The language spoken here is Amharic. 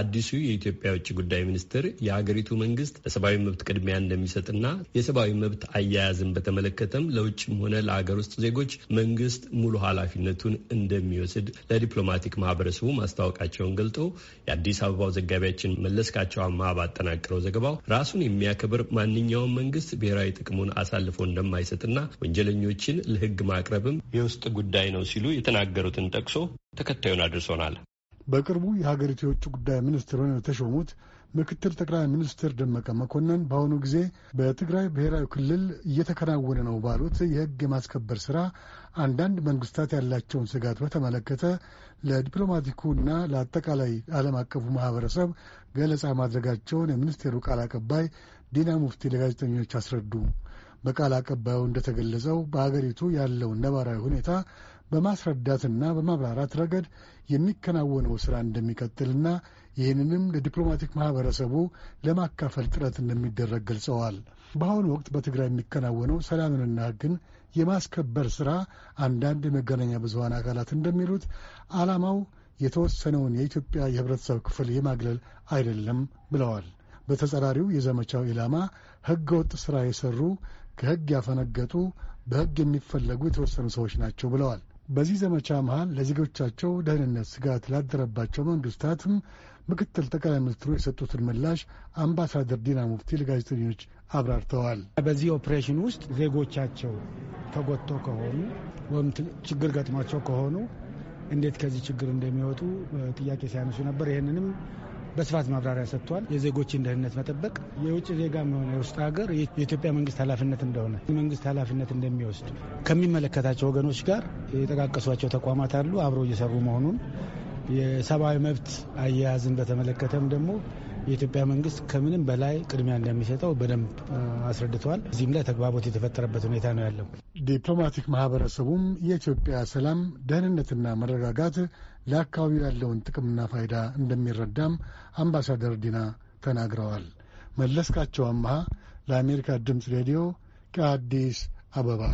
አዲሱ የኢትዮጵያ ውጭ ጉዳይ ሚኒስትር የሀገሪቱ መንግስት ለሰብአዊ መብት ቅድሚያ እንደሚሰጥና የሰብአዊ መብት አያያዝን በተመለከተም ለውጭም ሆነ ለሀገር ውስጥ ዜጎች መንግስት ሙሉ ኃላፊነቱን እንደሚወስድ ለዲፕሎማቲክ ማህበረሰቡ ማስታወቃቸውን ገልጦ የአዲስ አበባው ዘጋቢያችን መለስካቸው አማ ባጠናቀረው ዘገባው ራሱን የሚያከብር ማንኛውም መንግስት ብሔራዊ ጥቅሙን አሳልፎ እንደማይሰጥና ወንጀለኞችን ለህግ ማቅረብም የውስጥ ጉዳይ ነው ሲሉ የተናገሩትን ጠቅሶ ተከታዩን አድርሶናል። በቅርቡ የሀገሪቱ የውጭ ጉዳይ ሚኒስትር ሆነው የተሾሙት ምክትል ጠቅላይ ሚኒስትር ደመቀ መኮንን በአሁኑ ጊዜ በትግራይ ብሔራዊ ክልል እየተከናወነ ነው ባሉት የሕግ የማስከበር ስራ አንዳንድ መንግስታት ያላቸውን ስጋት በተመለከተ ለዲፕሎማቲኩና ለአጠቃላይ ዓለም አቀፉ ማህበረሰብ ገለጻ ማድረጋቸውን የሚኒስቴሩ ቃል አቀባይ ዲና ሙፍቲ ለጋዜጠኞች አስረዱ። በቃል አቀባዩ እንደተገለጸው በሀገሪቱ ያለውን ነባራዊ ሁኔታ በማስረዳትና በማብራራት ረገድ የሚከናወነው ስራ እንደሚቀጥልና ይህንንም ለዲፕሎማቲክ ማህበረሰቡ ለማካፈል ጥረት እንደሚደረግ ገልጸዋል። በአሁኑ ወቅት በትግራይ የሚከናወነው ሰላምንና ሕግን የማስከበር ስራ አንዳንድ የመገናኛ ብዙኃን አካላት እንደሚሉት ዓላማው የተወሰነውን የኢትዮጵያ የህብረተሰብ ክፍል የማግለል አይደለም ብለዋል። በተጸራሪው የዘመቻው ኢላማ ሕገ ወጥ ሥራ የሠሩ፣ ከሕግ ያፈነገጡ፣ በሕግ የሚፈለጉ የተወሰኑ ሰዎች ናቸው ብለዋል። በዚህ ዘመቻ መሃል ለዜጎቻቸው ደህንነት ስጋት ላደረባቸው መንግስታትም ምክትል ጠቅላይ ሚኒስትሩ የሰጡትን ምላሽ አምባሳደር ዲና ሙፍቲ ለጋዜጠኞች አብራርተዋል። በዚህ ኦፕሬሽን ውስጥ ዜጎቻቸው ተጎድቶ ከሆኑ ወይም ችግር ገጥሟቸው ከሆኑ እንዴት ከዚህ ችግር እንደሚወጡ ጥያቄ ሲያነሱ ነበር። ይህንንም በስፋት ማብራሪያ ሰጥቷል። የዜጎችን ደህንነት መጠበቅ የውጭ ዜጋ የሆነ የውስጥ ሀገር የኢትዮጵያ መንግስት ኃላፊነት እንደሆነ መንግስት ኃላፊነት እንደሚወስድ ከሚመለከታቸው ወገኖች ጋር የጠቃቀሷቸው ተቋማት አሉ አብረው እየሰሩ መሆኑን የሰብአዊ መብት አያያዝን በተመለከተም ደግሞ የኢትዮጵያ መንግስት ከምንም በላይ ቅድሚያ እንደሚሰጠው በደንብ አስረድተዋል። እዚህም ላይ ተግባቦት የተፈጠረበት ሁኔታ ነው ያለው። ዲፕሎማቲክ ማህበረሰቡም የኢትዮጵያ ሰላም፣ ደህንነትና መረጋጋት ለአካባቢው ያለውን ጥቅምና ፋይዳ እንደሚረዳም አምባሳደር ዲና ተናግረዋል። መለስካቸው አምሃ ለአሜሪካ ድምፅ ሬዲዮ ከአዲስ አበባ